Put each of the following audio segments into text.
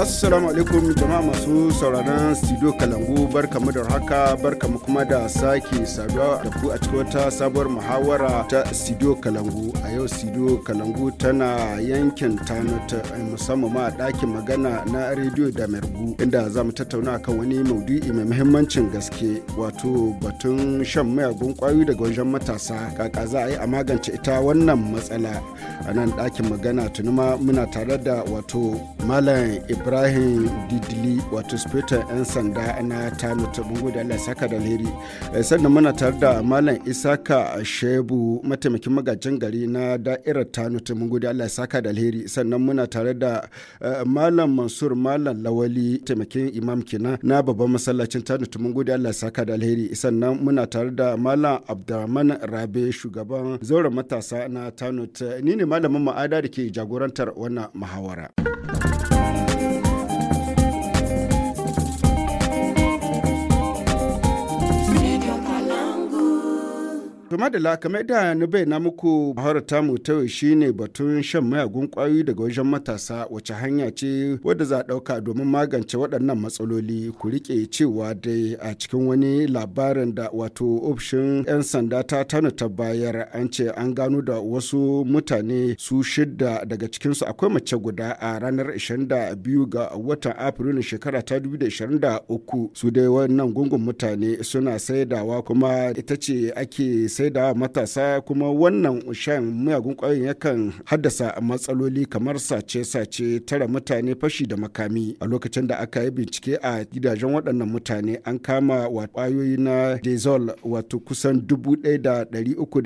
Assalamu alaikum jama'a masu sauraron studio Kalangu barkamu da haka barkamu kuma da sake saduwa da ku a cikin wata sabuwar muhawara ta studio Kalangu. A yau studio Kalangu tana yankin ta musamman ma ɗakin magana na rediyo da mergu inda za mu tattauna kan wani maudu'i mai muhimmancin gaske wato batun shan mayagun kwayoyi daga wajen matasa kaka za a yi a magance ita wannan matsala a nan ɗakin magana tunuma muna tare da wato malam ibrahim ibrahim didili wato spetan 'yan sanda na tano ta bungu da allah saka da alheri eh, sannan muna tare da malam isaka shebu mataimakin magajin gari na da'irar tano ta bungu da allah saka da alheri sannan muna tare da eh, malam mansur malam lawali taimakin imam kina na babban masallacin tano ta bungu da allah saka da alheri sannan muna tare da malam abdurrahman rabe shugaban zauren matasa na tano ni ne malamin ma'ada da ke jagorantar wannan muhawara. Tuma da kamar da na bayyana muku maharar tamu ta shine batun shan mayagun kwayoyi daga wajen matasa wace hanya ce wadda za a dauka domin magance waɗannan matsaloli ku rike cewa dai a cikin wani labarin da wato ofishin 'yan sanda ta tanu ta bayar an ce an gano da wasu mutane su shidda daga cikin su akwai mace guda a ranar 22 ga watan Afrilun shekara ta 2023 su dai wannan gungun mutane suna saidawa kuma ita ce ake sai da matasa kuma wannan shan miyagun ƙwayoyin yakan haddasa matsaloli kamar sace-sace tara mutane fashi da makami a lokacin da aka yi bincike a gidajen waɗannan mutane an kama wa ƙwayoyi na dezol wato kusan dubu ɗaya da da da uku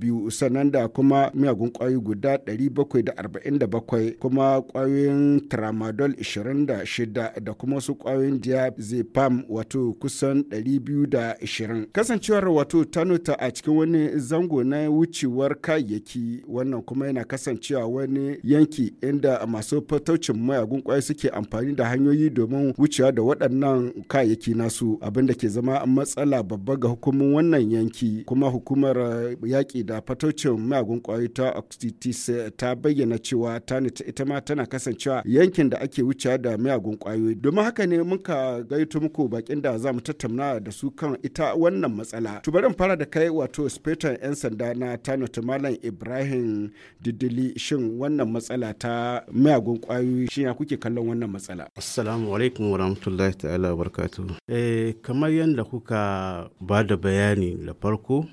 biyu sannan da kuma miyagun ƙwayoyi guda bakwai da da arba'in bakwai kuma ƙwayoyin tramadol ashirin da shida da kuma wasu ƙwayoyin diazepam wato kusan biyu da ashirin kasancewar wato ta. a cikin wani zango na wucewar kayayyaki wannan kuma yana kasancewa wani yanki inda masu fataucin mayagun kwai suke amfani da hanyoyi domin wucewa da waɗannan kayayyaki nasu abin da ke zama matsala babba ga hukumin wannan yanki kuma hukumar eh, yaƙi da fataucin mayagun kwai ta oxytis eh, ta bayyana cewa tanit ita ma tana kasancewa yankin da ake wucewa da mayagun kwayoyi domin haka ne muka gaito muku bakin da za mu tattauna da su kan ita wannan matsala. Tubarin fara da kai wato spetan 'yan sanda na tano malam ibrahim didili shin wannan matsala ta miyagun kwayoyi shi ya kuke kallon wannan matsala assalamu alaikum wa rahmatullahi ta'ala wa barkatu eh, kamar yadda kuka ba da bayani da farko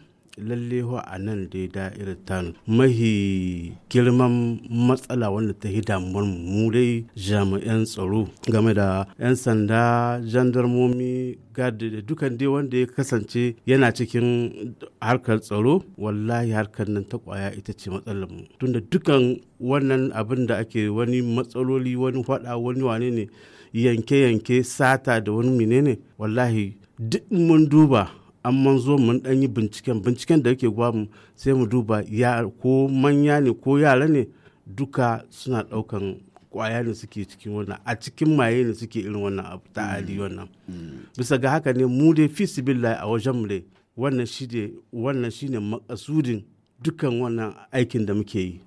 lallewa a nan dai irin ta mahi girman matsala wanda ta yi damuwar mu dai jami'an tsaro game da 'yan sanda jandarmomi gadi da dukan dai wanda ya kasance yana cikin harkar tsaro wallahi harkar nan ta kwaya ita ce matsalar mu tunda dukan wannan abin da ake wani matsaloli wani faɗa wani wane ne yanke-yanke sata da wani menene wallahi duk mun duba an zo mun dan yi binciken binciken da yake mu sai mu duba ya ko manya ne ko yara ne duka suna daukan kwaya ne suke cikin wannan a cikin maye ne suke irin wannan abu ta mm. ali wannan mm. bisa ga haka ne mu dai fi sibillahi a wajen mu dai wannan shi ne shine makasudin dukan wannan aikin da muke yi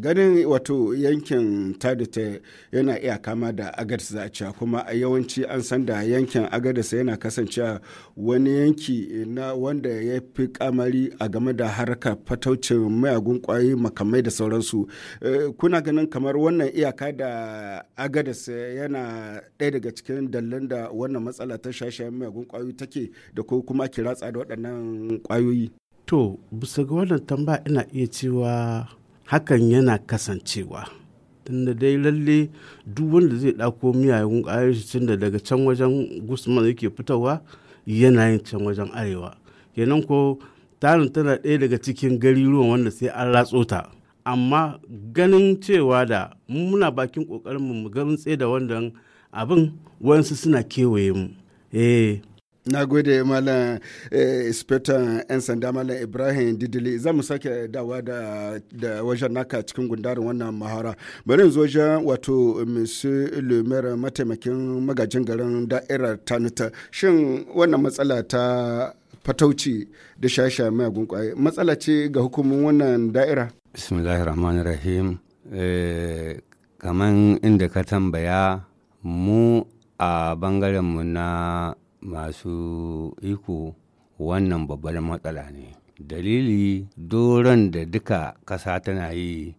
ganin wato yankin tadita yana iya kama da agadis za a kuma a yawanci an san da yankin agadis yana kasancewa wani yanki na wanda ya fi kamari a game da harkar fataucin mayagun kwayoyi makamai da sauransu eh, kuna ganin kamar wannan iyaka da agadis yana ɗaya daga cikin dallan da wannan matsala ta shashayen mayagun kwayoyi take da ko kuma ki ratsa da waɗannan kwayoyi to bisa ga wannan tambaya ina iya cewa hakan yana kasancewa tunda dai lalle duk wanda zai ɗako miyagun ƙwayoyin tunda daga can wajen gusman yake fitowa yana yin can wajen arewa kenan ko tarin tana ɗaya daga cikin ruwan wanda sai an ratso ta amma ganin cewa da muna bakin ƙoƙarin mu ganin tsaye da wannan abin wayansu suna kewaye mu eh na gode malam eh, inspector 'yan sanda malam ibrahim didili za mu sake dawa da wajen naka cikin gundarin wannan mahara bari yanzu wajen wato monsieur le maire mataimakin magajin garin da'irar tanita shin wannan matsala ta fatauci da shasha mayagun kwaye matsala ce ga hukumin wannan da'ira bismillahir rahmanir rahim eh, kamar inda ka tambaya mu a bangarenmu na masu iko wannan babbar matsala ne dalili doron da duka ƙasa tana yi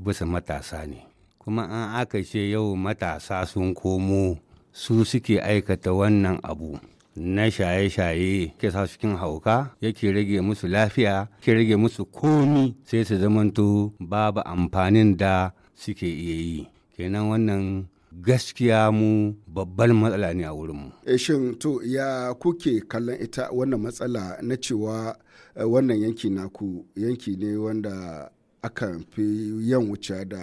bisa matasa ne kuma an aka ce yau matasa sun komo su suke aikata wannan abu na shaye-shaye ke sa cikin hauka yake rage musu lafiya ke rage musu komi sai su zamanto babu amfanin da suke iya yi kenan wannan gaskiya mu babban matsala ne a wurinmu. E shin to ya kuke kallon ita wannan matsala na cewa eh, wannan yanki naku yanki ne wanda akan fi yan wuce da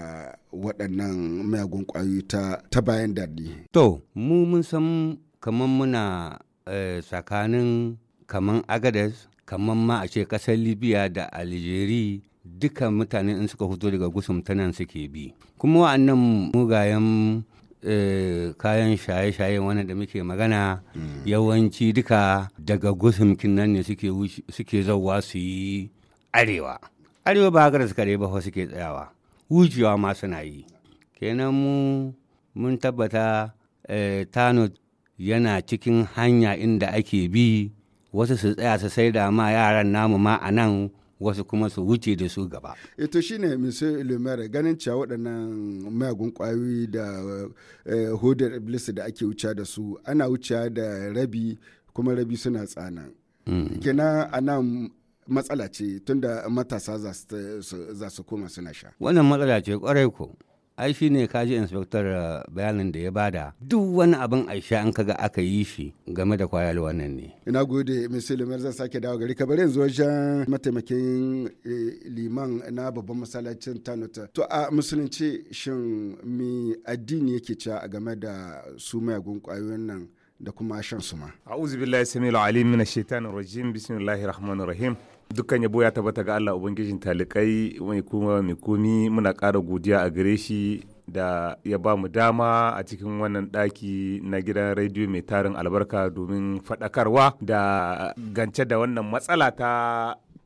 waɗannan mayagun ƙwayoyi ta, bayan dadi. To, mu mun san kamar muna eh, tsakanin kamar agadas kamar ma a ce ƙasar Libya da Algeria duka mutane in suka fito daga gusum ta nan suke bi kuma wa'annan mugayen Eh, kayan shaye-shaye wani da muke magana yawanci duka daga gusumkin nan ne suke zauwa su yi arewa arewa ba gara suka ba suke tsayawa wucewa ma suna yi kenan mu mun tabbata eh, tano yana cikin hanya inda ake bi wasu su tsaya su sai da ma yaran namu ma a nan wasu kuma su wuce da su gaba. Ito shi ne Mr. ganin cewa waɗannan mayagun ƙwayoyi da eh, hodar iblis da ake wuce da su ana wuce da rabi kuma rabi suna tsana. Mm. Kina a matsala ce tunda matasa za su koma suna sha. Wannan matsala ce kwarai ko. ai shi ne kaji inspector uh, bayanin da ya bada duk wani abin aisha an kaga aka yi shi game da kwayar wannan ne ina gode misali mai zan sake dawo gari ka kabarin yanzu wajen mataimakin eh, liman na babban masallacin tanuta to a musulunci shin mi addini yake cewa game da su mayagun kwayoyin nan da kuma shan su ma a'udhu billahi samil alim minash shaitanir rajim bismillahir rahmanir rahim dukkan yabo ya tabbata ga Allah ubangijin talikai mai kuma mai komi muna kara godiya a gare shi da ya ba mu dama a cikin wannan ɗaki na gidan rediyo mai tarin albarka domin faɗakarwa da gance da wannan matsala ta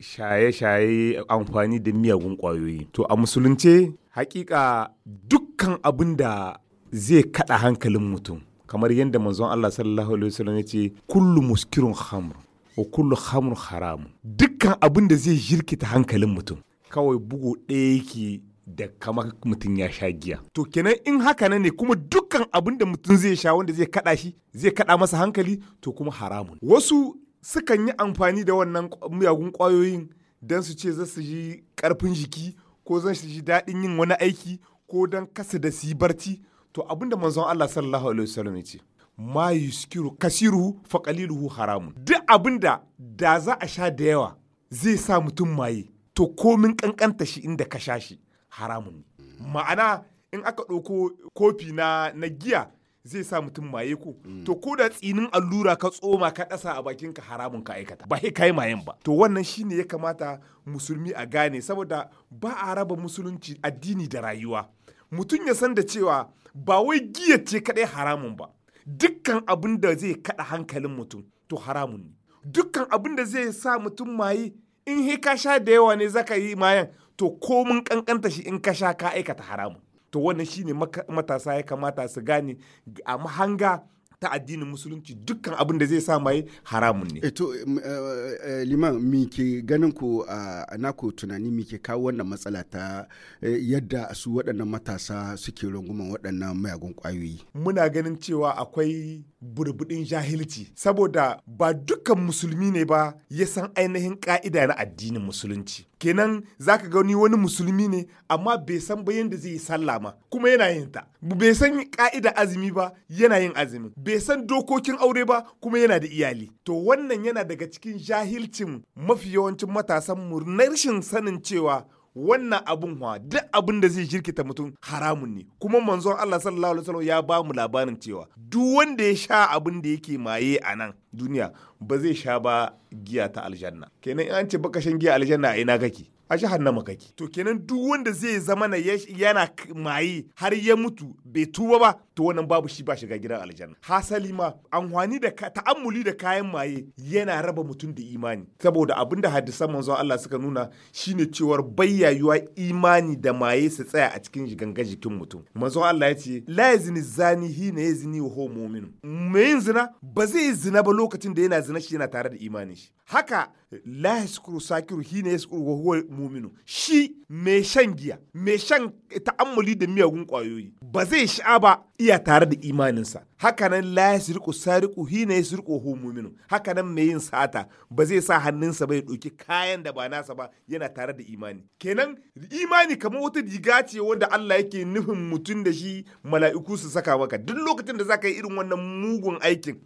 shaye-shaye amfani da miyagun ƙwayoyi. To a musulunce hakika dukkan abin da zai kaɗa hankalin mutum kamar yadda manzon Allah sallallahu alaihi wasallam ya ce kullu muskirun khamr wa kullu khamr haramu dukkan abin da zai jirkita hankalin mutum kawai bugu ɗaya yake da kama mutum ya sha giya to kenan in haka ne kuma dukkan abin da mutum zai sha wanda zai kada shi zai kada masa hankali to kuma haramun wasu sukan yi amfani da wannan miyagun kwayoyin don su ce za su ji karfin jiki ko zan su ji daɗin yin wani aiki ko don kasa da su yi barci to abin da manzon Allah sallallahu alaihi wasallam ya ce ma yuskiru kasiruhu fa qaliluhu haramun duk abinda da za a sha da yawa zai sa mutum maye to komin kankanta shi inda ka sha shi haramun ma'ana in aka ɗauko kofi na na giya zai sa mutum maye ko to ko da tsinin allura ka tsoma ka ɗasa a bakin ka haramun ka aikata ba kai mayen ba to wannan shine ya kamata musulmi a gane saboda ba a raba musulunci addini da rayuwa mutum ya san da cewa ba wai giya ce kaɗai haramun ba dukkan abin da zai kada hankalin mutum to haramun ne dukkan abin da zai sa mutum mayi in he ka sha da yawa ne zaka yi mayan to ko mun kankanta shi in ka sha ka aikata haramun to wannan shine matasa ya kamata su gane a mahanga ta addinin musulunci dukkan abin da zai sa mai haramun ne. Eto eh, eh, eh, liman mi ke ganin ku a nako tunani mi ke kawo wannan matsala ta yadda su waɗannan matasa suke runguman waɗannan mayagun ƙwayoyi. Muna ganin cewa akwai burbudin jahilci saboda ba dukkan musulmi ne ba ya san ainihin ka'ida na addinin musulunci kenan zaka ga ni wani musulmi ne amma bai san ba yanda zai yi sallah ma kuma yana yin ta bai san ka'ida azumi ba yana yin azumi bai san dokokin aure ba kuma yana da iyali to wannan yana daga cikin jahilcin mafi yawancin matasan mu na rashin sanin cewa wannan abun wa duk abin da zai jirkita mutum haramun ne kuma manzon Allah sallallahu alaihi wasallam ya ba mu labarin cewa duk wanda ya sha abin da yake maye a nan duniya ba zai sha ba giya ta aljanna kenan an ce baka shan giya aljanna a ina kake a hannama kake to kenan duk wanda zai zama na yana maye har ya mutu bai tuba ba to wannan babu shi ba shiga gidan aljanna hasali ma amfani da ta'ammuli da kayan maye yana raba mutum da imani saboda abin da hadisan manzo Allah suka nuna shine cewar bayyayuwa imani da maye su tsaya a cikin gangan jikin mutum manzo Allah ya ce la yazni zani hi hina yazni wa huwa mu'min yin zina ba zai zina ba lokacin da yana zina shi yana tare da imani shi haka la yaskuru sakiru hina yaskuru wa huwa mu'minu shi mai shan giya mai shan ta'ammuli da miyagun kwayoyi ba zai sha ba iya tare da imaninsa hakanan la yasriqu sariku hina yasriqu hu mu'minu hakanan mai yin sata ba zai sa hannunsa ba ya ɗauki kayan da ba nasa ba yana tare da imani kenan imani kamar wata riga ce wanda Allah yake nufin mutum da shi mala'iku su saka maka duk lokacin da za ka yi irin wannan mugun aikin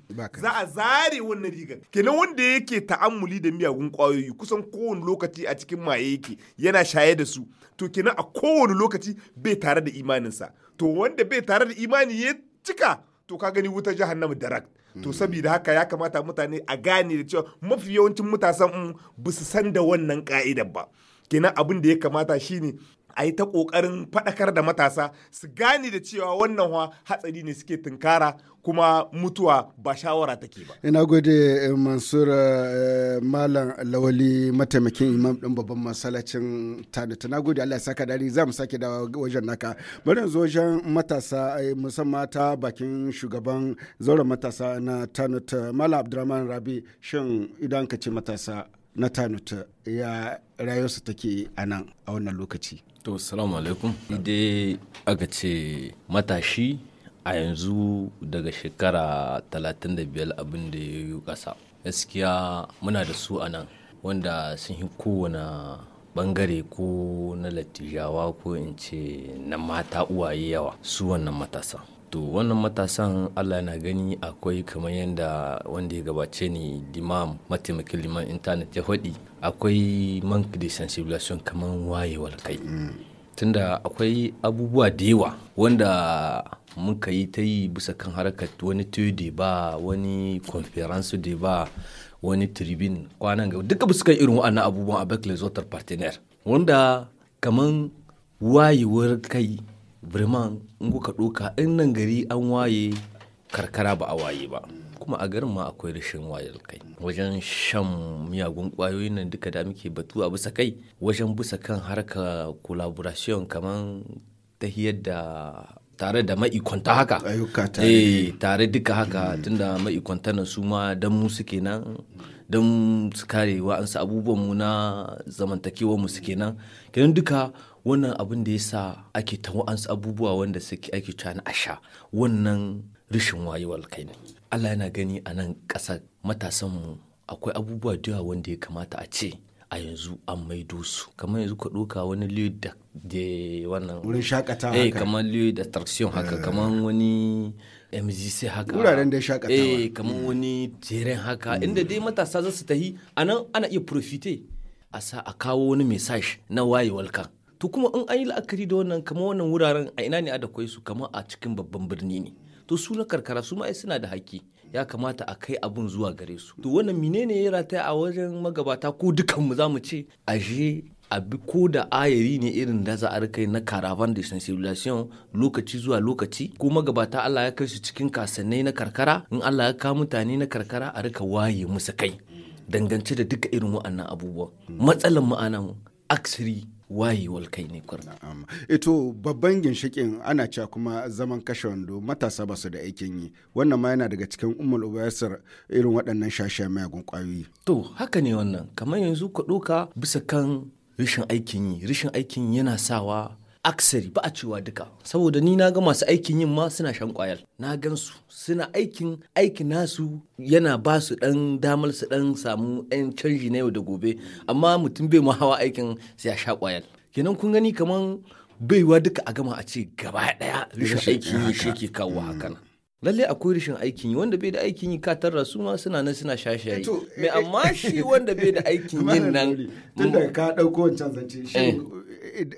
za a zare wannan rigar kenan wanda yake ta'ammuli da miyagun kwayoyi kusan kowane lokaci a cikin maye yake yana shaye da su to kenan a kowane lokaci bai tare da imaninsa to wanda bai tare da imani ya cika to ka gani wutar jahannama direct to saboda haka ya kamata mutane a gane da cewa mafi yawancin matasan ba su san da wannan ka'idar ba kenan abin da ya kamata shine a yi ta ƙoƙarin faɗakar da matasa su gane da cewa wannan wa hatsari ne suke tunkara kuma mutuwa ba shawara take ba. Ina gode eh, Mansur eh, Malam Lawali mataimakin imam ɗin babban masallacin Tanita. Na gode Allah ya saka dari za mu sake da wajen naka. Bari yanzu wajen matasa eh, musamman ta bakin shugaban zauren matasa na Tanut Malam Abdurrahman Rabi shin idan ka ce matasa na Tanut ya rayuwarsa take a nan a wannan lokaci. To, salamu alaikum. Idai aka ce matashi a yanzu daga shekara 35 abin da ya yi ƙasa. Gaskiya muna da su a nan wanda sun yi kowane bangare ko na latijawa ko in ce na mata uwaye yawa su wannan matasa. to wannan matasan allah na gani akwai kamar yadda wanda ya gabace ni limam mataimakin liman intanet ya faɗi akwai mank de sensibilisation kamar wayewar kai tunda akwai abubuwa da yawa wanda muka yi ta yi bisa kan harkar wani tuyo ba wani conference de ba wani tribune kwanan ga duka bisa kan irin wa'annan abubuwan a bakley zotar partner wanda kamar wayewar kai birman in kuka ɗoka in nan gari an waye karkara ba a waye ba kuma a garin ma akwai rashin wayar kai wajen shan miyagun kwayoyin nan duka da muke batu a bisa kai wajen bisa kan harka collaboration kamar ta da tare da ma'ikonta haka eh tare duka haka tunda ma'ikonta na su ma dan mu suke nan don su kare wa'ansu abubuwan mu na zamantakewar mu suke nan kenan duka wannan abin da ya sa ake ta wa'ansu abubuwa wanda suke ake cani a sha wannan rashin wayewar kai ne Allah yana gani a nan ƙasar matasanmu akwai abubuwa da yawa wanda ya kamata a ce a yanzu an maido su kamar yanzu ka ɗoka wani liyo da wannan wurin shakatawa eh kamar liyo da traction haka eh. kamar wani mgc haka wuraren da shakatawa eh kamar wani jeren haka hmm. inda dai matasa za su tahi anan ana iya profite a sa a kawo wani message na wayewar kan to kuma in an yi la'akari da wannan kama wannan wuraren a ina ne a da su kama a cikin babban birni ne to su na karkara su ma suna da haƙƙi ya kamata a kai abun zuwa gare su to wannan menene ya rataya a wajen magabata ko dukanmu za mu ce aje bi ko da ayari ne irin da za a rika na caravan de sensibilisation lokaci zuwa lokaci ko magabata Allah ya kai su cikin kasannai na karkara in Allah ya kawo mutane na karkara a rika waye musu kai dangance da duka irin wa'annan abubuwan matsalan ma'ana mu aksiri wayewar kai ne kurna. Ito eh babban ginshikin ana cewa kuma zaman kashe wando matasa ba su da aikin yi wannan ma yana daga cikin umar ubayasar irin waɗannan shashe mayagun ƙwayoyi. To haka ne wannan kamar yanzu ka ɗoka bisa kan rashin aikin yi rashin aikin yana sawa aksari ba a cewa duka saboda ni na ga masu aikin yin ma suna shan kwayar na gansu suna aikin aiki nasu yana ba su dan damar su dan samu yan canji na yau da gobe amma mutum bai ma hawa aikin sai ya sha kwayar kenan kun gani kaman baiwa duka a gama a ce gaba daya rashin aikin yi shi ke kawo hakan hmm. lalle akwai rashin aikin yi wanda bai da aikin yi ka tarra su ma suna nan suna shayi mai eh, amma eh, shi wanda bai da aikin yin nan tun da ka dauko wancan zance shi eh.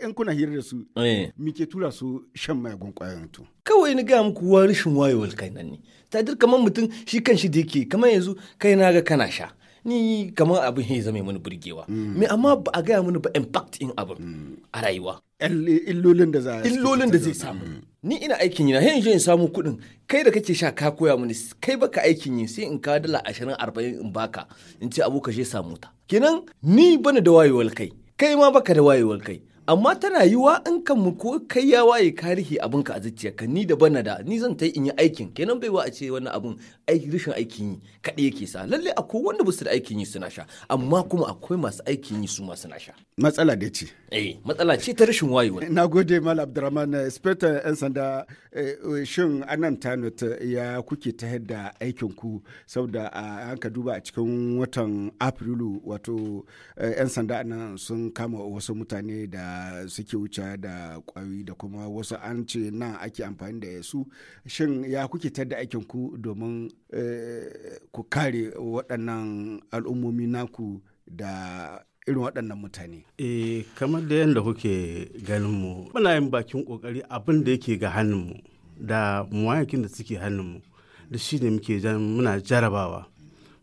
in kuna hira da su eh. muke tura su shan mayagun kwayoyin to kawai ni ga muku wa rashin wayewar kai nan ne tadir kamar mutum shi kan shi da yake kamar yanzu kai na ga kana sha ni kamar abin ya zama mini burgewa mm. me amma ba a gaya mini ba impact in abin mm. a rayuwa illolin da za illolin da zai mm. samu ni ina aikin yi na yanzu in samu kuɗin kai da kake sha ka koya mini kai baka aikin yi sai in ka dala ashirin arba'in in baka in ce abu ka je samu ta kenan ni bani da wayewar kai kai ma baka da wayewar kai amma tana yiwa in kan mu ko kai ya waye ka rihe abin ka a zuciyarka ni da bana da ni zan ta yi in yi aikin kenan bai wa a ce wannan abin aiki rashin aikin yi kaɗai yake sa lalle akwai wanda ba su da aikin yi suna sha amma kuma akwai masu aikin yi su ma suna sha matsala da ce Eh, matsala ce ta rashin wayewa na gode mal abdurrahman inspector yan sanda eh, eh, shin anan tanut ya kuke ta yadda aikin ku saboda an ka duba a cikin watan afrilu wato yan sanda nan sun kama wasu mutane da suke wuce da kwayoyi da kuma wasu an ce nan ake amfani da su shin ya kuke ta yadda aikin ku domin ku kare waɗannan al'ummomi naku da irin waɗannan mutane. Eh kamar da yadda kuke ganin mu muna yin bakin kokari abin da yake ga hannunmu da muwayakin da suke hannunmu da shi ne muke muna jarabawa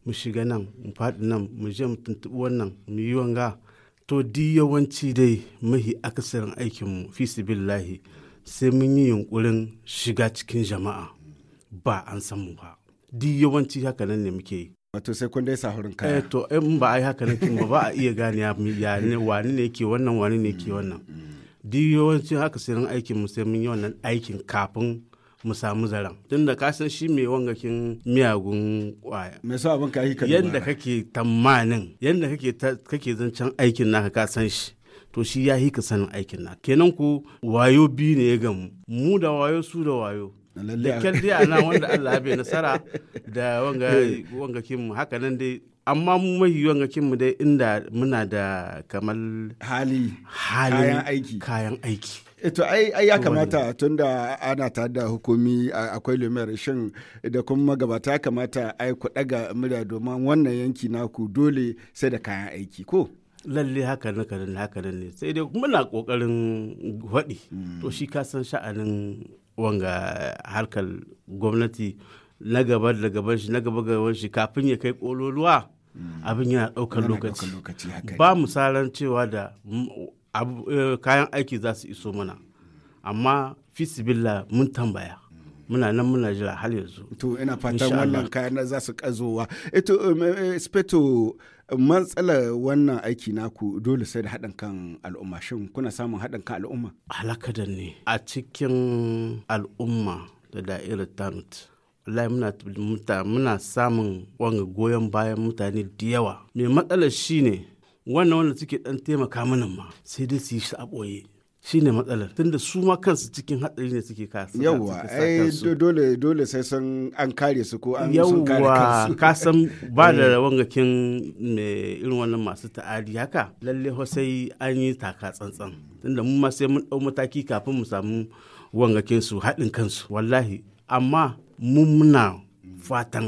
mu shiga nan mu faɗi nan mu je mu tuntuɓi wannan mu yi wanga to di yawanci dai mahi akasarin aikinmu fi sibillahi sai mun yi yunƙurin shiga cikin jama'a ba an san mu ba di yawanci haka nan ne muke yi wato sai kun dai sahurin kaya eh to in ba ai haka nake ba ba a iya gane ya ne wani ne ke wannan wani ne ke wannan mm, mm, mm. duk yawanci haka sai aikin mu sai mun yi wannan aikin kafin mu samu zaren tunda ka san shi mai wangakin miyagun kwaya me sa abin ka yi yanda kake tamanin yanda kake kake zancan aikin naka ka san shi to shi ya yi ka sanin aikin na kenan ku wayo bi ne ya gamu mu da wayo su da wayo da kyan dai ana wanda Allah ya bai nasara da wanga eh. wanga kin mu haka nan dai amma mu yi wanga kin mu dai inda muna da kamar hali kayan aiki kayan aiki eh, to ai ya kamata tunda ana ta da hukumi akwai lumiyar shin da kuma gabata kamata ai ku daga murya domin wannan yanki naku dole sai da kayan aiki ko lalle haka nan haka nan ne sai dai muna kokarin waɗi hmm. to shi ka san sha'anin wanga harkar gwamnati na gaba da gaban shi na gaba gaban shi kafin ya kai kololuwa abin yana daukan lokaci ba misalan cewa da eh, kayan aiki za su iso mana amma fisibilla mun tambaya muna nan muna jira har yanzu to ina fatan wannan kayan za su kazowa ito eh, eh, speto matsalar wannan aiki naku dole sai da haɗin kan al'umma shin kuna samun haɗin kan al'umma halakadan ne a cikin al'umma da da'irar tanut wallahi muna, muna, samun wanga goyon bayan mutane da yawa mai matsalar ne wannan wanda suke ɗan taimaka mana ma sai dai su yi shi a ɓoye shine matsalar tunda su ma kansu cikin hatsari ne suke kasa yawwa ai dole dole sai san an kare su ko an sun kare kansu ka san ba da eh. wangakin me irin wannan masu ta'adi haka lalle sai an yi taka tsantsan tunda mun ma sai mun dau mataki kafin mu samu wangakin su haɗin kansu wallahi amma mun muna fatan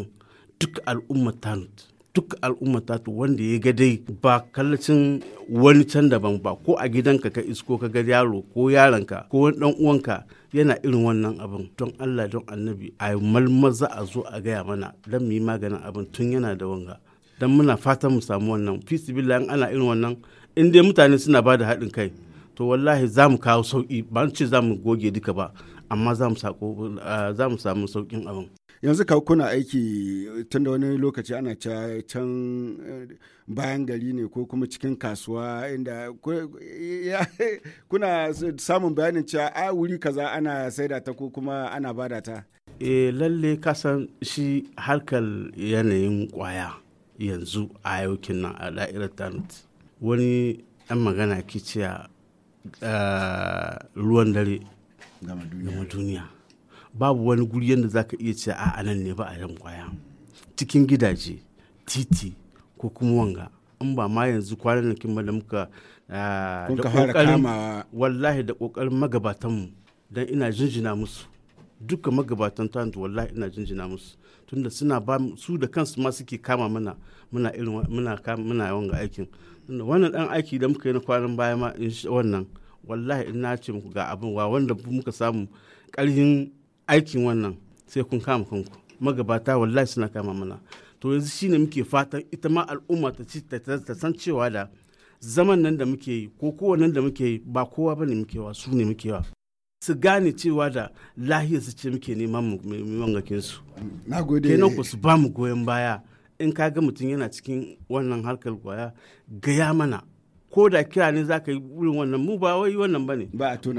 duk al'ummar tanut duk al'umma ta wanda ya ga dai ba kallacin wani can daban ba ko a gidanka ka isko ka ga yaro ko yaronka ko wani dan uwanka yana irin wannan abin don Allah don annabi a malmaza a zo a gaya mana don mu yi maganin abin tun yana da wanga don muna fatan mu samu wannan fi in ana irin wannan in dai mutane suna ba da haɗin kai to wallahi za mu kawo sauƙi ba ce za mu goge duka ba amma za mu ah, samu sauƙin abin yanzu ka kuna aiki tun da wani lokaci ana can eh, bayan gari ne ko kuma cikin kasuwa inda kuna samun bayanin cewa a wuri kaza ana saida ta ko kuma ana bada ta e lalle kasan shi harkar yanayin kwaya yanzu a yaukin nan a da'irar wani yan magana kiciya ah, ruwan dare gama duniya babu wani guri yadda za ka iya cewa a nan ne ba a yan kwaya cikin gidaje titi ko kuma wanga in ba ma yanzu kwanan da ba da muka ah, da wallahi da kokarin magabatanmu don ina jinjina musu duka magabatan tantu wallahi ina jinjina musu tunda suna ba su da kansu ma suke kama mana muna irin muna kama muna wanga aikin wannan dan aiki da muka yi na kwanan baya ma wannan wallahi ina ce muku ga abin wa wanda muka samu karhin aikin wannan sai kun kama kanku magabata wallahi suna kama mana to yanzu shine muke fatan ita ma al'umma ta ci ta san cewa da zaman nan da muke yi ko nan da muke yi ba kowa bane muke wa su ne muke wa su gane cewa da lahiyar su ce muke neman mu wangakin su kenan ku su ba mu goyon baya in ka ga mutum yana cikin wannan harkar gwaya gaya mana ko da kira ne za ka yi wurin wannan mu ba wai wannan ba ne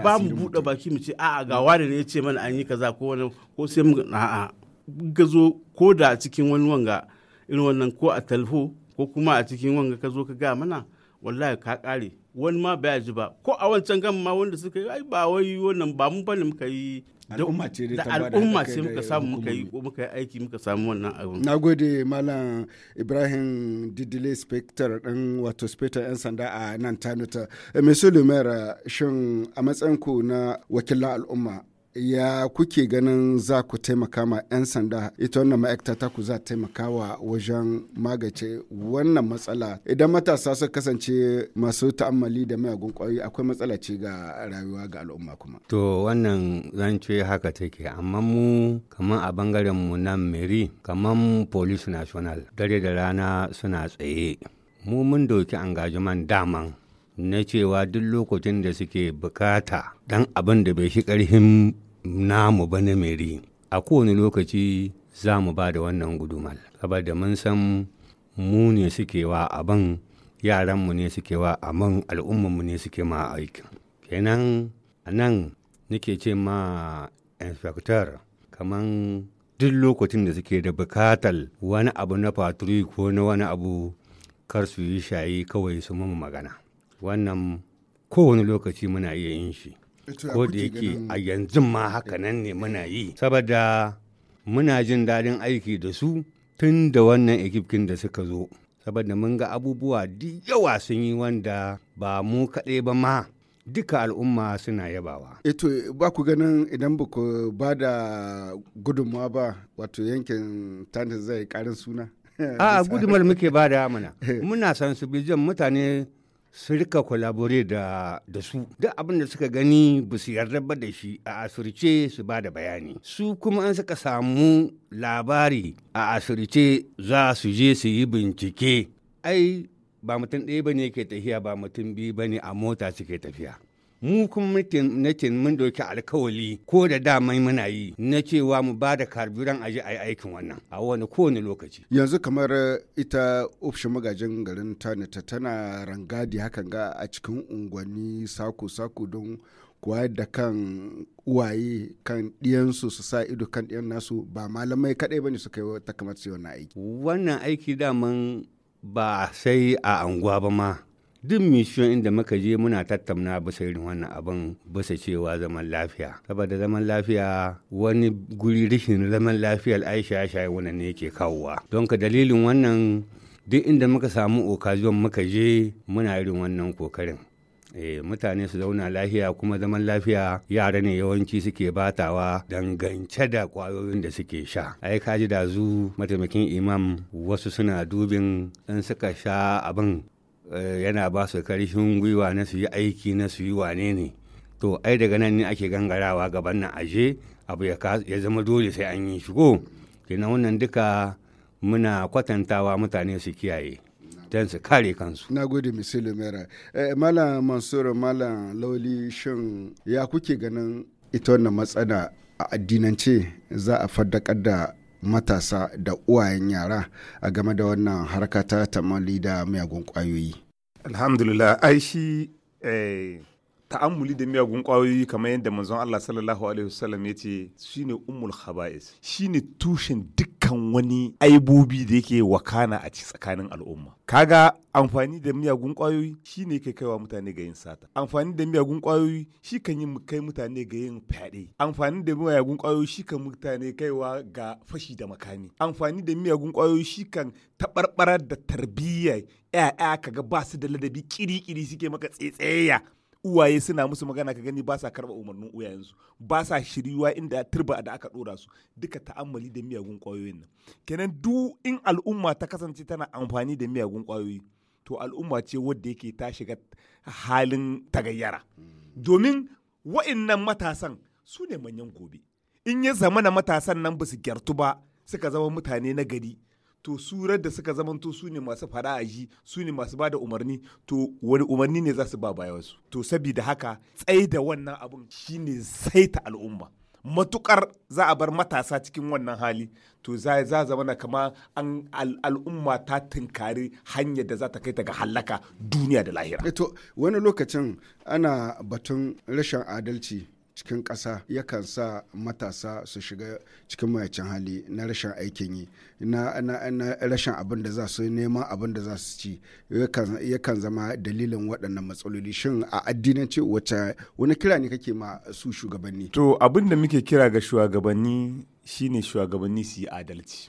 ba mu buɗe baki mu ce a'a ga wani ne ya ce mana an yi kaza ko wani ko sai mu a'a ga zo ko da a cikin wani wanga irin wannan ko a talho ko kuma a cikin wanga ka zo ka ga mana wallahi ka kare wani ma bai ji ba ko a wancan gama ma wanda suka yi ba wai wannan ba mu bane muka yi al'umma ce da al'umma ce muka samu muka yi muka yi aiki muka samu wannan abin na gode malam ibrahim didile spector ɗan wato spector yan sanda a nan tanuta eh, mai shin a matsayin ku na wakilan al'umma ya kuke ganin za ku taimaka ma 'yan sanda ita wannan ma'aikata ta ku za taimaka wa wajen magace wannan matsala idan matasa suka kasance masu ta'ammali da mayagun kwayoyi akwai matsala ce ga rayuwa ga al'umma kuma to wannan zan ce haka take amma mu kamar a bangaren mu na meri kamar police national dare da rana suna tsaye mu mun doki engagement daman na cewa duk lokacin da suke bukata dan abin da bai shi ƙarfin namu ba na meri a kowane lokaci za mu ba da wannan gudumal saboda mun san mu ne suke wa abin yaranmu ne suke wa amman al'ummanmu ne suke ma aikin kenan a nan nake ce ma inspector kaman duk lokacin da suke da bukatar wani abu na faturi ko na wani abu kar su yi shayi kawai su mamu magana wannan kowane lokaci muna iya yin shi eh, ko da yake a yanzu ma haka nan ne muna yi saboda muna jin daɗin aiki da su tun da wannan ekipkin da suka zo saboda mun ga abubuwa da yawa sun yi wanda ba mu kaɗai ba ma duka al'umma suna yabawa. Eto eh, ba ku ganin idan ba ku ba da gudunmawa ba wato yankin tanda zai karin suna? a gudumar muke ba da mana muna san su bijan mutane su rika kwalabore da su duk abin da suka gani ba su yarda ba da shi a asirce su ba da bayani su kuma an suka samu labari a asirce za su je su yi bincike ai ba mutum ɗaya ba ne ke tafiya ba mutum biyu ba ne a mota suke tafiya mu kuma ce mun dauki alkawali ko da damai muna yi na cewa mu ba da karburan a a aikin wannan a wani kowane lokaci yanzu kamar eh, ita ofishin magajin garin tanita tana rangadi hakan ga a cikin unguwanni sako-sako don kuwa da kan uwaye kan ɗiyansu su sa ido kan ɗiyan nasu ba malamai kaɗai bane suka yi ta kamar wannan aiki wannan aiki daman ba sai a anguwa ba ma duk mission inda muka je muna tattauna bisa irin wannan abin bisa cewa zaman lafiya saboda zaman lafiya wani guri rashin zaman lafiyar aisha shaye wannan ne yake kawowa don ka dalilin wannan duk inda muka samu okazion muka je muna irin wannan kokarin e, mutane su zauna lafiya kuma zaman lafiya yara ne yawanci suke batawa dangance da kwayoyin da suke sha ai kaji da zu mataimakin imam wasu suna dubin in suka sha abin Eh, yana ba su karfin gwiwa na su yi aiki na su yi wane ne to ai daga nan ne ake gangarawa gaban nan aje abu ya zama dole sai an yi shigo kenan wannan duka muna kwatantawa mutane su kiyaye don su kare kansu. Na gode misali mera. Eh, Malam Mansur Malam Lauli shin ya kuke ganin ita wannan matsala a addinance za a faddakar da matasa da uwayen yara a game da wannan harka ta tamali da miyagun kwayoyi alhamdulillah aishi shi eh, ta'ammuli da miyagun kwayoyi kamar yadda manzon Allah sallallahu alaihi wasallam ya ce shine ummul khaba'is shine tushen dukkan wani aibobi da yake wakana a tsakanin al'umma kaga amfani da miyagun kwayoyi shine kai kaiwa mutane ga yin sata amfani da miyagun kwayoyi shi kan yi kai mutane ga yin fyaɗe amfani da miyagun kwayoyi shi kan mutane kaiwa ga fashi da makami amfani da miyagun kwayoyi shi kan tabarbarar da tarbiyya ya'ya kaga ba su da ladabi kiri-kiri suke maka tsetseya uwaye suna musu magana ka gani ba sa karɓa umarnin uwayensu ba sa shiriwa inda turba da aka dora su duka ta'ammali da miyagun kwayoyin nan kenan du in al'umma ta kasance tana amfani da miyagun kwayoyi to al'umma ce wadda yake ta shiga halin tagayyara domin wa'innan matasan su ne manyan gobe in ya zama matasan nan ba su gyartu ba suka zama mutane na gari to surar da suka zamanto su ne masu fara'aji su ne masu bada umarni to wani umarni ne za su ba wasu to sabida haka tsaye da wannan abun shine saita al'umma matukar za a bar matasa cikin wannan hali to za za zama na kama an al'umma ta tunkari hanyar da za ta kai ta ga hallaka duniya da lahira. Eh to wani lokacin ana batun rashin adalci cikin ƙasa yakan sa matasa su shiga cikin mayacin hali na rashin aikin yi na, rashin abin da za su neman abin da za su ci yakan zama dalilin waɗannan matsaloli shin a addinance wacce wani kira ne kake ma su shugabanni to abin da muke kira ga shugabanni shine shugabanni su yi adalci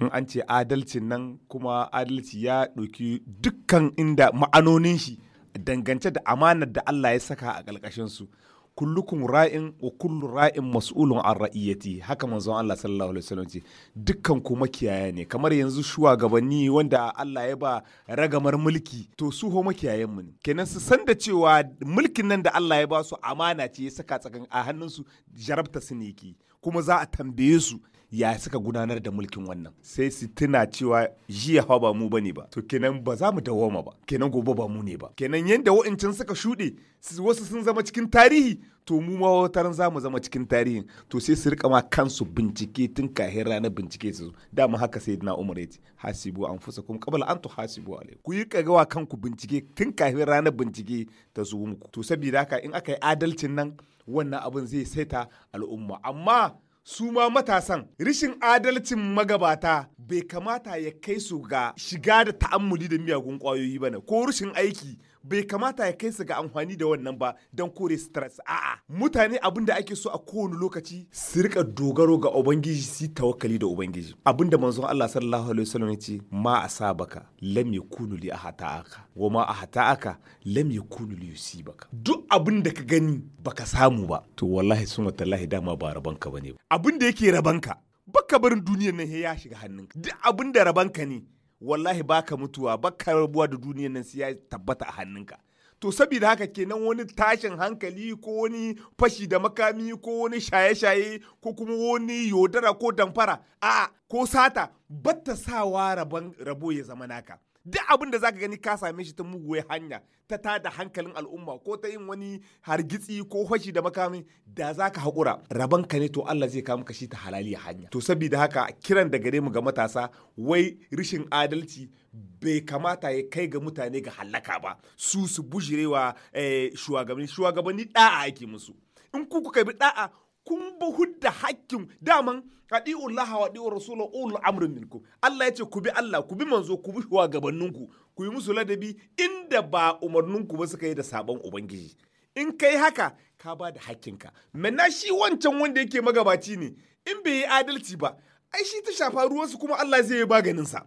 in an ce adalcin nan kuma adalci ya ɗauki dukkan inda ma'anonin shi dangance da amanar da Allah ya saka a ƙalƙashinsu su kullukum ra'in wa kullu ra'in mas'ulun an ra'iyati haka manzon Allah sallallahu alaihi wasallam dukkan ku makiyaya ne kamar yanzu shugabanni wanda Allah ya ba ragamar mulki to su ho makiyayan mu ne kenan su san da cewa mulkin nan da Allah ya ba su amana ce ya saka tsakan a hannun su jarabta su ne ki kuma za a tambaye su ya suka gudanar da mulkin wannan sai su tuna cewa jiya hawa ba mu bane ba to kenan ba za mu dawoma ba kenan gobe ba mu ne ba kenan yanda wa'incan suka shuɗe wasu sun zama cikin tarihi to mu ma ran za mu zama cikin tarihin to sai su rika ma kansu bincike tun kahin ranar bincike su dama haka sai na umar ya ce hasibu an fusa kuma kabala an to hasibu alai ku yi kagawa kanku bincike tun kahin ranar bincike ta zo muku to saboda haka in aka yi adalcin nan wannan abin zai saita al'umma amma su ma matasan rishin adalcin magabata bai kamata ya kai su ga shiga da ta'ammuli da miyagun kwayoyi ba ne ko rishin aiki bai kamata ya kai su ga amfani da wannan ba don kore stress a mutane abin da ake so a kowane lokaci su rika dogaro ga ubangiji su tawakkali da ubangiji abin da manzon Allah sallallahu alaihi wasallam ya ce ma asabaka lam yakunu li ahata'aka wa ma ahata'aka lam yakunu li yusibaka duk abin da ka gani baka samu ba to wallahi sun wallahi dama ba ka bane abin da yake rabanka baka barin duniyar nan ya shiga hannunka duk abin da rabanka ne wallahi baka mutuwa baka rabuwa da duniyar nan sai ya tabbata a hannunka to saboda haka kenan wani tashin hankali ko wani fashi da makami ko wani shaye-shaye ko kuma wani yodara ko damfara a ko sata batta sawa rabon rabo ya zama naka duk abin da zaka gani ka same shi ta muguwar hanya ta ta da hankalin al'umma ko ta yin wani hargitsi ko fashi da makami da zaka haƙura raban ka ne to Allah zai kawo maka shi ta halaliya hanya to saboda haka kiran da gare mu ga matasa wai rishin adalci bai kamata ya kai ga mutane ga halaka ba su su bujirewa eh, shugabanni shugabanni da'a ake musu in ku kuka bi da'a kun ba hudda hakkin daman adi'u Allah wa adi'u rasulun ulu amrin minkum Allah ya ce ku bi Allah ku bi manzo ku bi gabaninku ku yi musu ladabi inda ba umarninku ba suka yi da sabon ubangiji in kai haka ka ba da hakkinka menna shi wancan wanda yake magabaci ne in bai yi adalci ba ai shi ta shafa ruwansu kuma Allah zai yi sa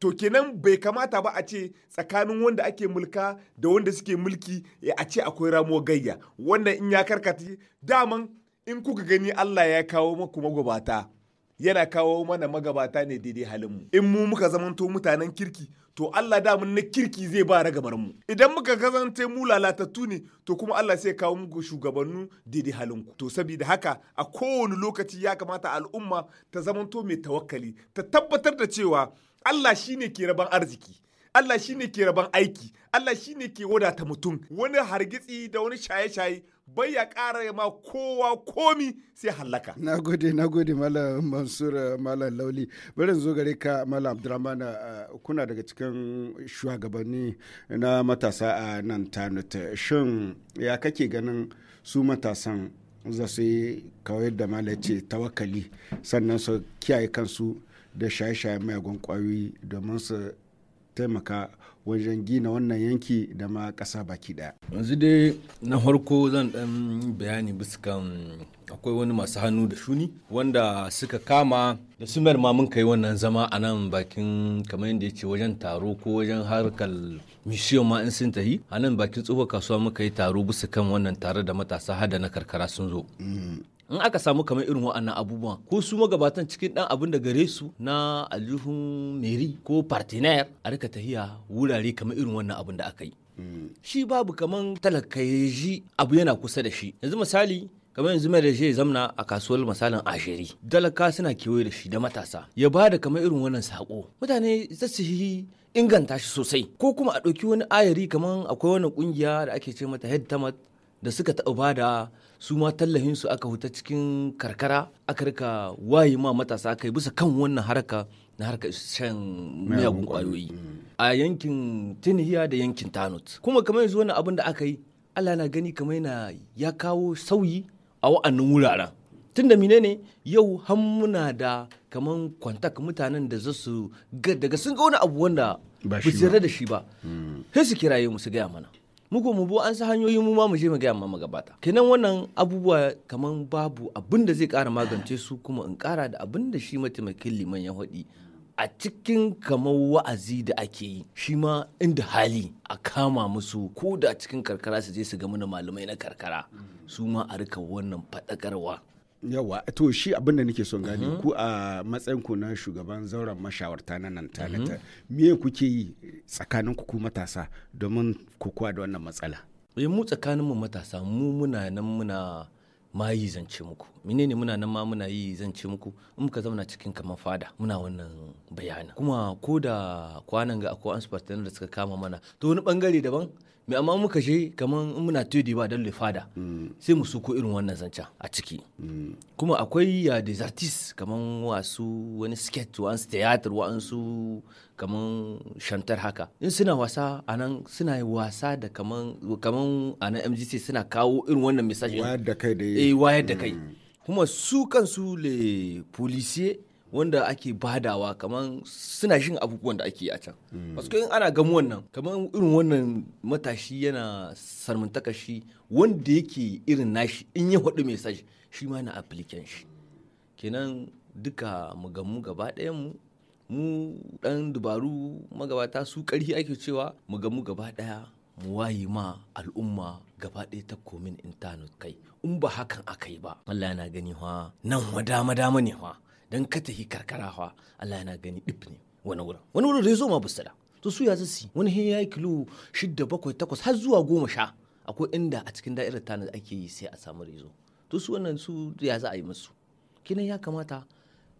to kenan bai kamata ba a ce tsakanin wanda ake mulka da wanda suke mulki a ce akwai ramuwar gayya wannan in ya karkata daman in kuka gani Allah ya kawo maku magabata yana kawo mana magabata ne daidai halinmu in mu muka zamanto mutanen kirki to Allah da mun na kirki zai ba ragamar mu idan muka kazanta mu lalatattu ne to kuma Allah sai kawo muku shugabannu daidai ku. to saboda haka a kowane lokaci ya kamata al'umma ta zamanto mai tawakkali ta tabbatar da cewa Allah shine ke raban arziki Allah shine ke raban aiki Allah shine ke wadata mutum wani hargitsi da wani shaye-shaye bai ya ƙara ma kowa komi sai hallaka. Na gode, na gode Malam Mansur Malam Lauli. barin zo gare ka Malam Abdulrahman uh, kuna daga cikin shugabanni na matasa a nan Tanut. Shin ya kake ganin su matasan za su yi kawai da malace tawakali sannan su kiyaye kansu da shaye-shaye mai kwayoyi domin su taimaka wajen gina wannan yanki da ma kasa baki ɗaya. yanzu dai na farko zan ɗan bayani bisa akwai wani masu hannu da shuni wanda suka kama da su ma mun kai wannan zama a nan bakin kamar yadda ya ce wajen taro ko wajen harkar mission ma in sun tahi a nan bakin tsohon kasuwa muka yi taro bisa kan wannan tare da matasa hada na karkara sun zo mm. in aka samu kamar irin wa'annan abubuwan ko su magabatan cikin dan abin da gare su na aljuhun meri ko partenaire a rika tahiya wurare kamar irin wannan abin da aka yi shi babu kamar talakayeji abu yana kusa da shi yanzu misali kamar yanzu mai da shi zamna a kasuwar misalin ashiri dalaka suna kewaye da shi da matasa ya ba da kamar irin wannan sako mutane za su yi inganta shi sosai ko kuma a ɗauki wani ayari kamar akwai wani ƙungiya da ake ce mata head tamat da suka taɓa ba da su ma tallahin su aka huta cikin karkara aka rika waye ma matasa aka yi bisa kan wannan haraka na harkar shan miyagun kwayoyi a yankin tinhiya da yankin tanut kuma kamar yanzu wannan abin da aka yi allah na gani kamar yana ya kawo sauyi a wa'annan wuraren tun da ne yau har muna da kamar kwantak mutanen da za su daga sun ga wani abu wanda ba su da shi ba hmm. sai su kiraye mu su gaya mana muku mu bu an sa hanyoyi mu ma mu je mu ga ma magabata kenan wannan abubuwa kaman babu abin da zai kara magance su kuma in kara da abin da shi mataimakin liman ya faɗi a cikin kamar wa'azi da ake yi shi ma inda hali a kama musu ko da cikin karkara su je su ga mana malamai na karkara su ma a rika wannan faɗakarwa yawa to shi abin da nake son gani mhm. ku a matsayin ku na shugaban zauren mashawarta na nan ta mm me kuke yi tsakanin ku matasa domin ku da wannan matsala eh, mu tsakanin mu matasa mu muna nan muna ma yi zance muku menene muna nan ma muna yi zance muku in muka zauna cikin kamar fada muna wannan bayana kuma ko da kwanan ga akwai ansu da suka kama mana to wani bangare daban mai amma muka shi kamar in muna tudi ba don fada sai mu suko irin wannan zancen a ciki kuma akwai ya desertis kamar wasu wani sketch wasu theater wa'ansu kaman shantar haka in suna wasa a nan suna wasa da kaman a nan mgc suna kawo irin wannan misali wayar da kai da yi. Eh, wayar da kai mm. kuma su kansu le policier wanda ake badawa kaman suna shin abubuwan da ake a can wasu mm. in ana gamu wannan kaman irin wannan matashi yana sarmuntaka shi wanda yake irin nashi in ya faɗi mai shi ma na application shi kenan duka mu gamu gaba ɗayan mu mu ɗan dubaru magabata su ƙarfi ake cewa mu gamu gaba ɗaya mu wayi ma al'umma gaba ɗaya ta komin intanet kai in ba hakan aka yi ba Allah yana gani ha nan wa dama dama ne ha dan ka tafi karkara ha Allah yana gani dip ne wani wurin wani wurin zo ma busada to su ya zasi wani hin yayi kilo 6 7 8 har zuwa 10 akwai inda a cikin da'irar tanar ake yi sai a samu rezo to su wannan su ya za a yi musu kinan ya kamata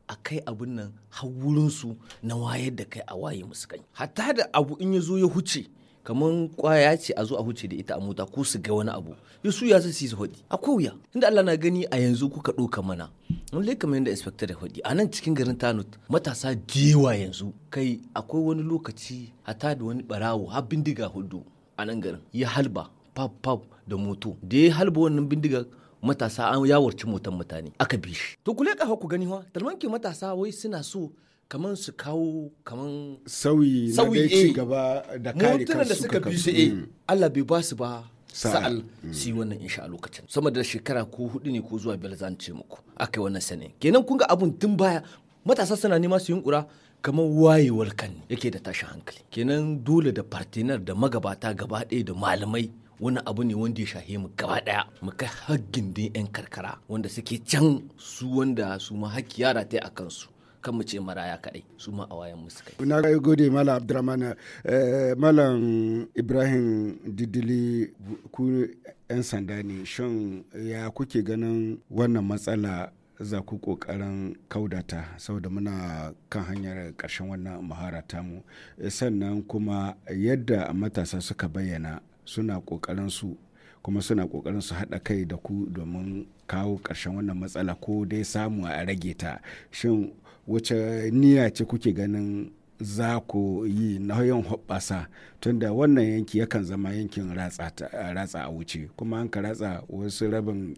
a kai abin nan har su na wayar da kai a waye musu kai hatta da abu in ya zo ya huce kamar kwaya ce a zo a huce da ita a mota ko su ga wani abu ya su ya su su hudi a wuya inda Allah na gani a yanzu kuka ɗauka mana mun lai kamar yadda inspector da hudi a nan cikin garin Tano matasa jewa yanzu kai akwai wani lokaci hatta da wani barawo har bindiga hudu a nan garin ya halba pap pap da moto da ya halba wannan bindiga matasa an yawarci motan mutane aka bi shi to kule ka ku gani wa talmanke matasa wai suna so kaman su kawo kaman sauyi na dai ci eh. gaba da kare kansu da suka bi su eh mm. Allah bai ba su ba sa'al mm. su yi wannan insha a lokacin sama da shekara ko hudu ne ko zuwa biyar zan ce muku aka yi wannan sani kenan kun ga abun tun baya matasa suna nema su yunkura kamar wayewar kan yake da tashin hankali kenan dole da partner da magabata gaba ɗaya da malamai wani abu ne wanda ya shahe mu gaba daya mu kai haggin din yan karkara wanda suke can su wanda su ma haƙƙi yara ta a kansu kan mu ce maraya kaɗai su ma a wayan musu kai na gode malam abdurrahman eh, malam ibrahim didili ku yan sanda ne shan ya kuke ganin wannan matsala za ku kokarin kaudata saboda muna kan hanyar ƙarshen wannan mahara tamu eh, sannan kuma yadda matasa suka bayyana suna kokarin su kuma suna kokarin su haɗa kai da ku domin kawo ƙarshen wannan matsala ko dai samu a rage ta shin wace niyya ce kuke ganin za ku yi na yin hoɓɓasa tunda wannan yanki yakan zama yankin ratsa a wuce kuma an ka ratsa wasu rabin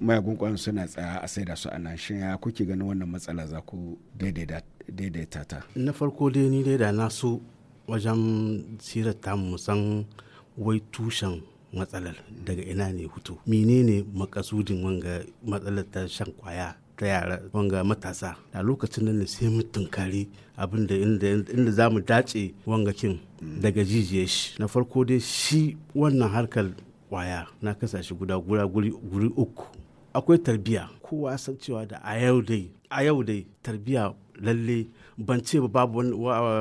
mayagun suna tsaya a saida su ana shin ya kuke ganin wannan matsala za ku daidaita ta na farko dai ni dai da na wajen tsirar tamu san wai tushen matsalar daga ina ne hutu menene makasudin wanga matsalar ta shan kwaya ta yara wanga matasa a lokacin nan sai mu tunkari abinda inda za mu dace wanga kin daga jijiye shi na farko dai shi wannan harkar kwaya na kasashe guda guda guri uku akwai tarbiya kowa san cewa da a yau dai a yau dai tarbiya lalle ban ce ba babu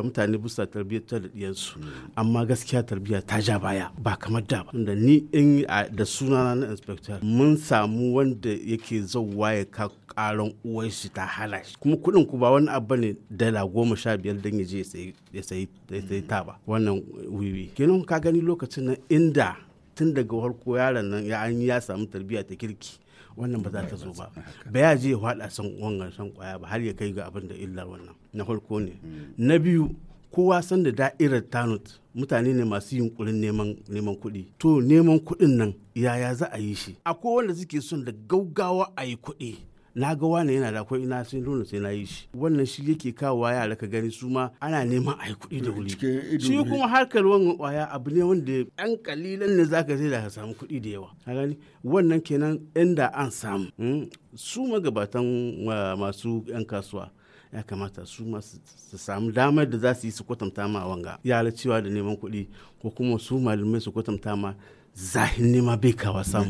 mutane busa tarbiyyar ta da diyansu amma gaskiya tarbiyya ta ja baya ba kamar da ba da ni in da suna na inspector mun samu wanda yake zauwa ya ka karon uwar shi ta hala kuma kuɗin ku ba wani abu ne dala goma sha biyar dan ya sayi ya sayi ta ba wannan wiwi kenan ka gani lokacin nan inda tun daga farko yaron nan ya an ya samu tarbiyya ta kirki wannan ba za ta zo ba ba ya je ya faɗa san wannan san kwaya ba har ya kai ga abin da illar wannan na farko ne na biyu kowa san da da'irar tanut mutane ne masu yunkurin neman neman kuɗi to neman kuɗin nan yaya za a yi shi akwai wanda suke son da gaugawa a yi kuɗi na ga wane yana da akwai ina sai nuna sai na yi shi wannan shi yake kawowa yara ka gani su ma ana neman a yi kuɗi da wuri shi kuma harkar wannan waya abu ne wanda ɗan kalilan ne zaka sai da ka samu kuɗi da yawa ka gani wannan kenan inda an samu hmm? su magabatan masu 'yan kasuwa ya kamata su masu samu damar da za su yi su kwatanta ma wanga yara cewa da neman kuɗi ko kuma su malamai su kwatanta ma zahin nema bai kawo samu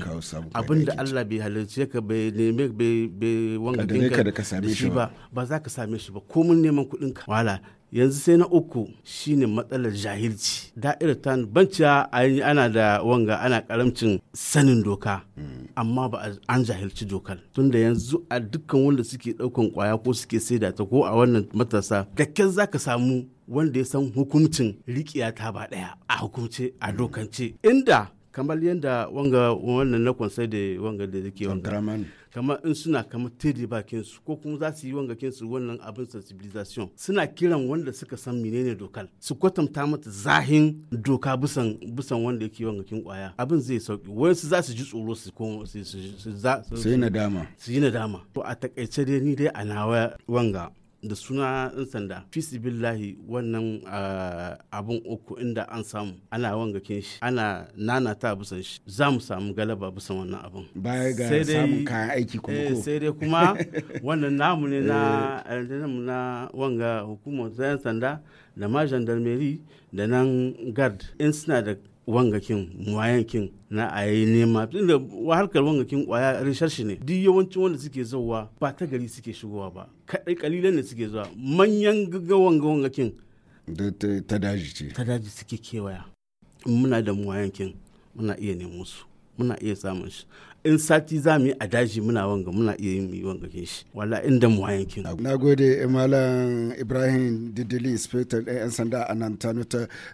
abin da Allah bai halarci ka bai neme bai wanga dinka da shi ba ba za ka same shi ba komin neman kuɗin ka wala yanzu sai na uku shine matsalar jahilci da'ira ta banciya ana da wanga ana karamcin sanin doka amma ba an jahilci dokar tunda yanzu a dukkan wanda suke daukan kwaya ko suke saida ta ko a wannan matasa kakken za ka samu wanda ya san hukuncin rikiya ta ba daya a hukumce a dokance inda kamar yadda wanga wannan na kwansai da wanga da zake wanga kama in suna kamar tede bakin su ko kuma za su yi wanga kinsu wannan abin sensibilization suna kiran wanda suka san menene dokal su kwatanta mata zahin doka busan wanda yake wanga kin kwaya abin zai sauki wayansu za su ji tsoro su ko su su su yi nadama su yi nadama to a takaice dai ni dai a nawa wanga da suna ɗan sanda billahi wannan ah, abun uku inda an samu ana wanga shi ana nanata busan shi za mu samu galaba busan wannan abun baya ga samun kayan aiki kuma ko eh, sai dai kuma wannan namu ne na eh. Eh, na wanga hukumar ɗan sanda da ma gendarmerie da nan guard in suna da wangakin muwayankin na ayi nema tunda harkar wangakin kwaya risharshi ne duk yawancin wanda suke zauwa ba ta gari suke shigowa ba kaɗai kalilan ne suke zuwa manyan gaggawan wangakin ta daji ce ta daji suke kewaya muna da muwayankin muna iya nemo su muna iya samun shi in sati za mu yi a daji muna wanga muna iya yin mu wanga shi wala inda mu yankin na gode eh, malam ibrahim didili inspector ɗan eh, yan sanda a nan ta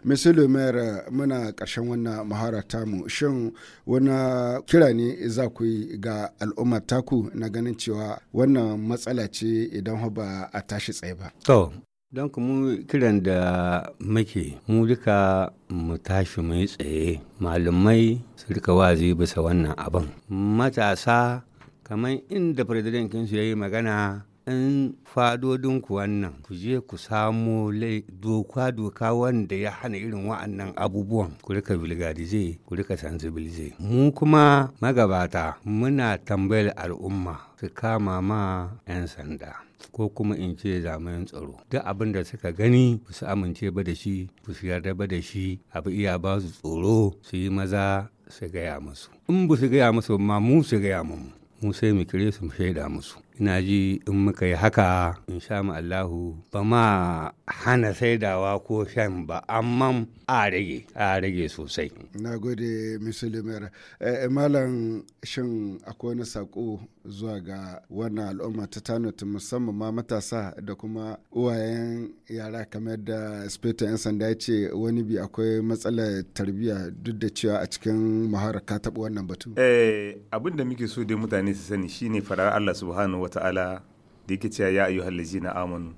monsieur le maire muna karshen wannan maharata mu shin wani kira ne za ku yi ga al'ummar taku na ganin cewa wannan matsala ce idan ba a tashi tsaye ba to don mu kiran da muke mu duka mu tashi mu yi tsaye malamai su rika wazi bisa wannan abin matasa kamar inda kinsu ya yi magana in fadodinku wannan ku je ku samo doka doka wanda ya hana irin wa'annan abubuwan ku rika bilgadize ku rika sensibilize mu kuma magabata muna tambayar al'umma su kama ma 'yan sanda ko kuma in ce zamanin tsaro duk abin da suka gani ba su amince ba da shi ba su yarda ba da shi abu iya ba su tsoro su yi maza su gaya musu in ba su gaya musu ma mu su gaya mu mu sai mu kire su mu shaida musu ina ji in muka yi haka in sha mu Allahu ba ma hana saidawa ko shan ba amma a rage a rage sosai na gode musulmiyar eh, eh, malam shin akwai wani sako zuwa ga wannan al'umma ta tanut musamman ma matasa da kuma uwayen yara kamar da speta yan sanda ya ce wani bi akwai matsalar tarbiyya duk da cewa a cikin muhara ka taɓa wannan batu eh, abin da muke so dai mutane su sani shine farar Allah subhanahu subhanahu wata'ala da yake cewa ya ayyuhal ladzina amanu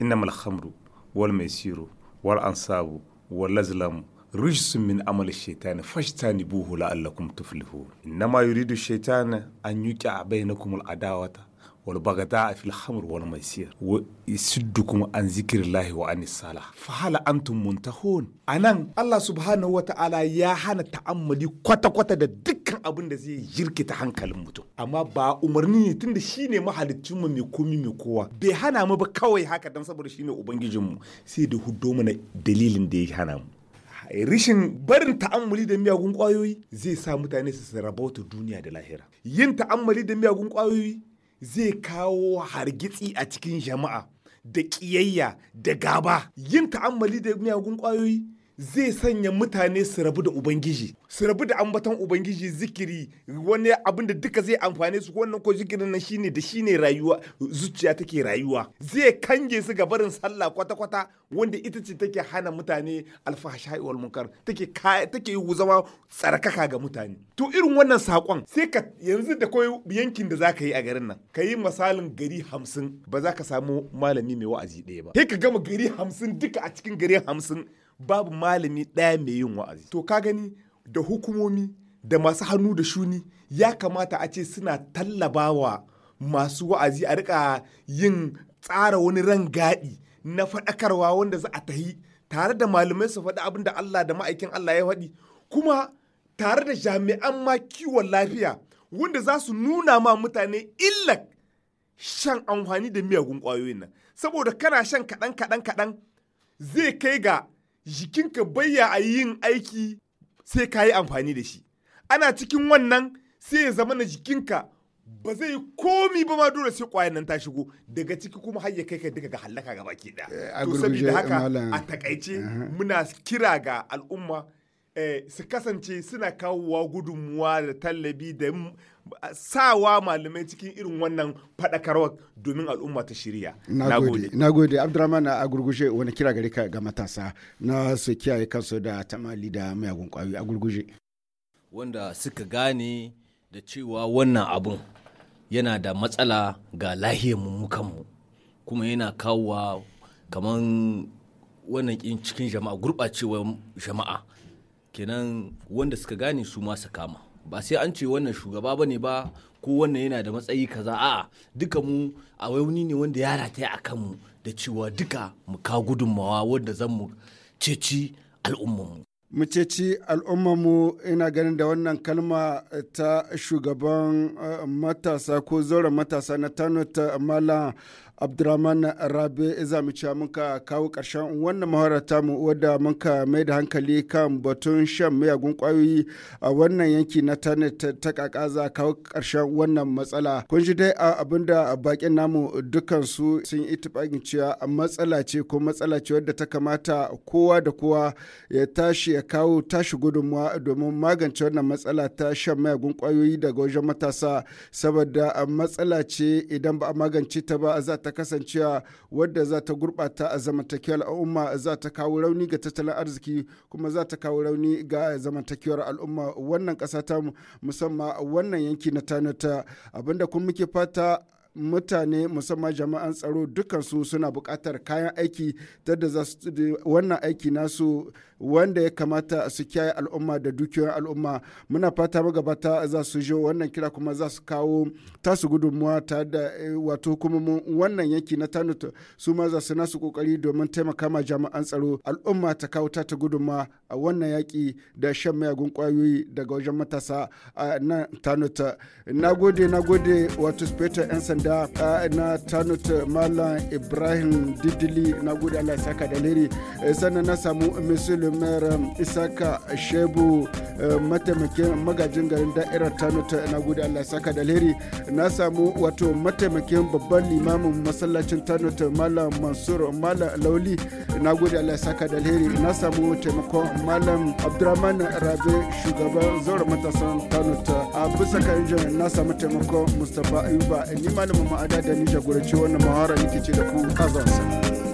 innamal khamru wal maisiru wal ansabu wal lazlamu rijsun min amal shaitani fashtani buhu la'allakum tuflihu innama yuridu shaitana an yuqa bainakum al adawata wal bagada fil hamr wal maisir wa isiddukum an zikrillahi wa an salah fa hal antum muntahun anan Allah subhanahu wataala ya hana ta'ammali kwata kwata da dukkan abin da zai jirkita hankalin mutum amma ba umarni ne tunda shine mahalicin mu mai komi mai kowa bai hana mu ba kawai haka dan saboda shine ubangijin mu sai da huddo mana dalilin da ya hana mu rishin barin ta'ammali da miyagun kwayoyi zai sa mutane su rabauta duniya da lahira yin ta'ammali da miyagun kwayoyi zai kawo hargitsi a cikin jama'a da ƙiyayya da gaba yin ta'ammali da miyagun ƙwayoyi zai sanya mutane su rabu da ubangiji su rabu da ambaton ubangiji zikiri wani abin da duka zai amfane su wannan ko zikirin nan shine da shine rayuwa zuciya take rayuwa zai kange su ga barin sallah kwata kwata wanda ita ce take hana mutane alfahashai wal munkar take take zama tsarkaka ga mutane to irin wannan sakon sai ka yanzu da koyi yankin da zaka yi a garin nan ka yi misalin gari hamsin ba za ka samu malami mai wa'azi ɗaya ba sai ka gama gari hamsin duka a cikin gari hamsin babu malami ɗaya mai yin wa'azi to ka gani da hukumomi da masu hannu da shuni ya kamata a ce suna tallabawa masu wa'azi a rika yin tsara wani rangadi na faɗakarwa wanda za a tahi tare da malamai su faɗi abin da Allah da ma'aikin Allah ya faɗi kuma tare da jami'an ma kiwon lafiya wanda za su nuna ma mutane illar shan amfani da miyagun ƙwayoyin nan saboda kana shan kaɗan kaɗan kaɗan zai kai ga jikinka bayya a yin aiki sai ka yi amfani da shi ana cikin wannan sai ya zama na jikinka ba zai komi ba ma dole sai kwayan nan ta shigo daga ciki kuma har ya kai ka duka ga hallaka ga baki da eh, to saboda haka a takaice muna kira ga al'umma eh, su kasance suna kawowa gudunmuwa da tallabi da sawa malamai cikin irin wannan faɗakarwa domin al'umma ta shirya. na gode Abdurrahman a gurguje wani kira gare ka ga matasa na su kiyaye kansu da tamali da mayagun kwayoyi a gurguje. Wanda suka gane da cewa wannan abun yana da matsala ga lahiyar mummukanmu kuma yana kawowa kamar wannan cikin jama'a gurɓacewar jama'a kenan wanda suka gane su ma kama. ba sai an ce wannan shugaba ba ne ba ko wannan yana da matsayi kaza a'a duka mu a wani ne wanda ya rataya a kanmu da cewa duka mu ka gudunmawa wanda zan mu ceci al'ummanmu mu ceci mu ina ganin da wannan kalma ta shugaban eh, matasa ko zauren matasa na ta mala Abdulrahman rabe za mu muka kawo ƙarshen wannan mahawara mu wadda muka mai da hankali kan batun shan miyagun kwayoyi a wannan yanki na tanet ta kaka kawo ƙarshen wannan matsala kun ji dai a abinda bakin namu dukan su sun yi tuɓagin cewa matsala ce ko matsala ce wadda ta kamata kowa da kowa ya tashi ya kawo tashi gudunmuwa domin magance wannan matsala ta shan mayagun kwayoyi daga wajen matasa saboda matsala ce idan ba a magance ta ba za ta kasancewa wadda za ta gurɓata a zamantakewar al'umma za ta kawo rauni ga tattalin arziki kuma za ta kawo rauni ga zamantakewar al'umma wannan ƙasa ta musamman wannan yanki na tanata abinda kuma muke fata mutane musamman jama'an tsaro dukansu suna buƙatar kayan aiki ta da wannan aiki nasu wanda ya kamata su kiyaye al'umma da dukiyoyin al'umma muna fata magabata za su zo wannan kira kuma za su kawo tasu gudunmuwa ta da eh, wato hukumomin wannan yanki na tanuta su ma za su nasu kokari domin taimaka ma jami'an tsaro al'umma ta kawo ta ta gudunmuwa a wannan yaki da shan mayagun kwayoyi daga wajen matasa a nan tanut na gode na gode wato 'yan sanda na tanut malam ibrahim didili na gudu allah saka da liri eh, sannan na samu musulmar um, isaka shebu eh, mataimakin magajin garin da'irar tanut na gudu allah saka da liri na samu wato mataimakin babban limamin masallacin tanut malam mansur malam lauli na gudu allah saka da liri na samu taimakon malam abdurrahman rabe shugaban zaura matasan tanut a bisa kan na samu taimakon mustapha ayuba ni mama Ma'ada da ni jagoranci wannan mahara yake ce da ku kazansa.